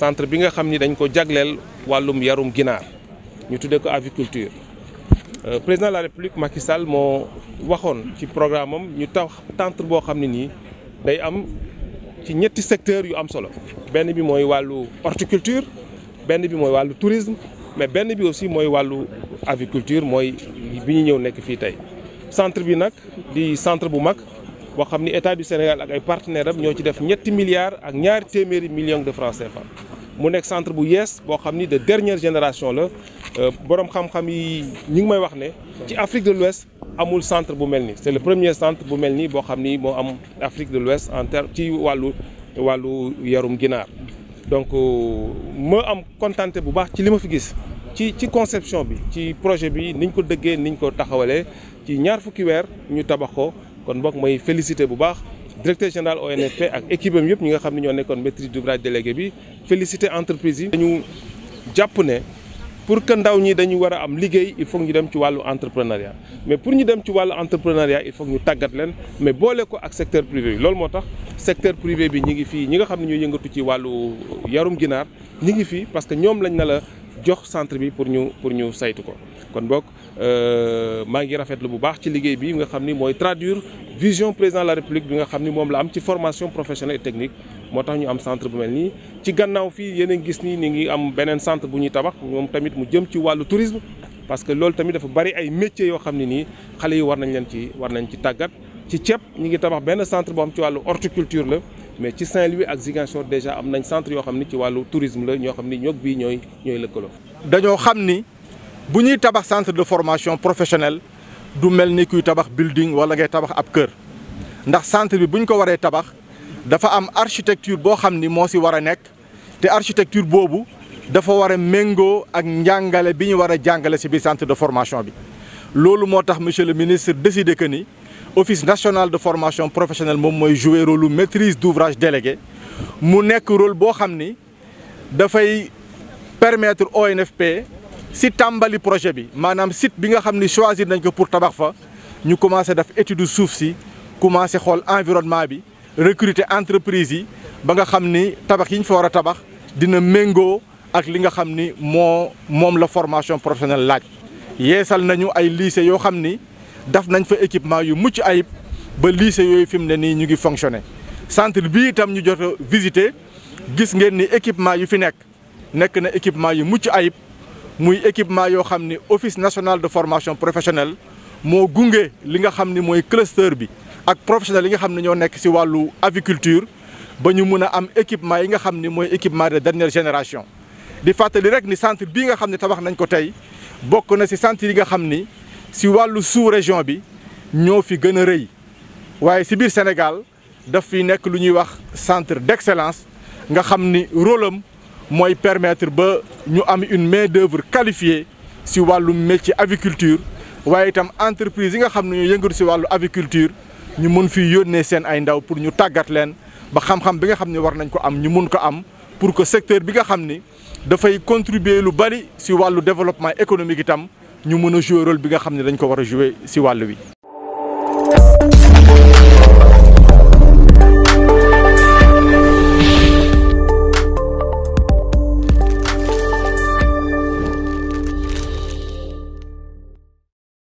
centre bi nga xamni dañ ko jaglel walum yarum ginar ñu tuddé ko aviculture euh, président de la république Macky Sall moo waxoon ci programme am ñu tax centre boo xam ne day am ci ñetti secteur yu am solo benn bi moy walu horticulture benn bi moy walu tourisme mais benn bi aussi moy walu aviculture moy biñu ñew nek fi tay centre bi nak di centre bu mak boo xamni état du Sénégal ak ay partenaires am ñoo ci def ñetti milliards ak ñaari millions de francs CFA mu nekk centre bu yees boo xam ni de dernière génération la euh, borom xam-xam yi ñu ngi may wax ne ci Afrique de l'Ouest amul centre bu mel c'est le premier centre bu mel nii boo xam ni moo am Afrique de l'Ouest en terre ci wàllu wàllu yarum ginaar donc euh, ma am contenté bu baax ci li ma fi gis ci ci conception bi ci projet bi niñ ko dëggee niñ ko taxawalee ci ñaar fukki weer ñu tabax ko kon boog may félicité bu baax directeur général ONFP ak équipe am yëpp ñi nga xam ne ñoo nekkoon maîtrise d'ouvrage délégué bi féliciter entreprise yi. dañu jàpp ne pour que ndaw ñi dañu war a am liggéey il faut ñu dem ci wàllu entrepreneuriat mais pour ñu dem ci wàllu entrepreneuriat il faut ñu tàggat leen mais boole ko ak secteur privé bi loolu moo tax secteur privé bi ñi ngi fii nga xam ne ñoo yëngatu ci wàllu yarum ginaar ñi ngi fii parce que ñoom lañ na la. jox centre bi pour ñu pour ñu saytu ko kon bok euh ma ngi rafetlu bu baax ci liguey bi nga xamni moy traduire vision président de la république bi nga xamni mom la am ci formation professionnelle et technique motax ñu am centre bu melni ci gannaaw fi yéen a gis ni ni ngi am benen centre bu ñuy tabax mom tamit mu jëm ci walu tourisme parce que lool tamit dafa bari ay métiers yo xamni ni xalé xale yi war nañ leen ci war nañ ci tagat ci ceeb ñi ngi tabax benn centre bu am ci walu horticulture la mais ci Saint-Louis ak déjà am centre tourisme la centre de formation professionnelle du melni kuy tabax building wala ngay tabax ab ndax centre bi buñ ko tabax dafa am architecture bo xamni architecture bobu, dafa mengo ak centre de formation bi le ministre décidé office national de formation professionnelle moom mooy jouer rôle maîtrise d'ouvrage délégué mu nekk rôle boo xam ni dafay permettre ONFP si tambali projet bi manam site bi nga xamni choisir nañ ko pour tabax fa ñu commencé daf étude suuf commencé xol environnement bi recruter entreprise yi ba nga xamni tabax yi ñu fa wara tabax dina mengo ak li nga xamni ni mom la formation professionnelle laaj yéssal nañu ay lycée yo xamni daf nañ fa équipement yu mucc ayib ba lycée yooyu fi mu ne nii ñu ngi fonctionner centre bii itam ñu jot a visiter gis ngeen ni équipement yu fi nekk nekk na équipement yu mucc ayib muy équipement yoo xam ni office national de formation professionnelle moo gunge li nga xam ni mooy cluster bi ak professionnels yi nga xam ne ñoo nekk ci wàllu aviculture ba ñu mun a am équipement yi nga xam ni mooy équipement de dernière génération. di fàttali rek ni centre bii nga xam ne tabax nañ ko tey bokk na ci centre yi nga xam ni si walu sous région bi ñoo fi gën a rëy waaye si biir Sénégal daf fi nekk lu ñuy wax centre d'excellence nga xamni ni rôle am mooy permettre ba ñu am une main d'œuvre qualifiée si walu métier aviculture waaye itam entreprise yi nga xamni ñoo yëngatu si aviculture ñu mun fi yónnee sen ay ndaw pour ñu tagat leen ba xam-xam bi nga xamni war nañ ko am ñu mun ko am pour que secteur bi nga xamni da fay contribuer lu bari si walu développement économique itam ñu mën a jouer rôle bi nga xam ne dañ ko war a jouer si wàll wi.